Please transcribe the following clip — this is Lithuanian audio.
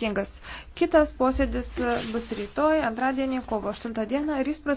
atsakingas. Kitas posėdis e, bus rytoj, antradienį, kovo 8 dieną ir jis prasidės.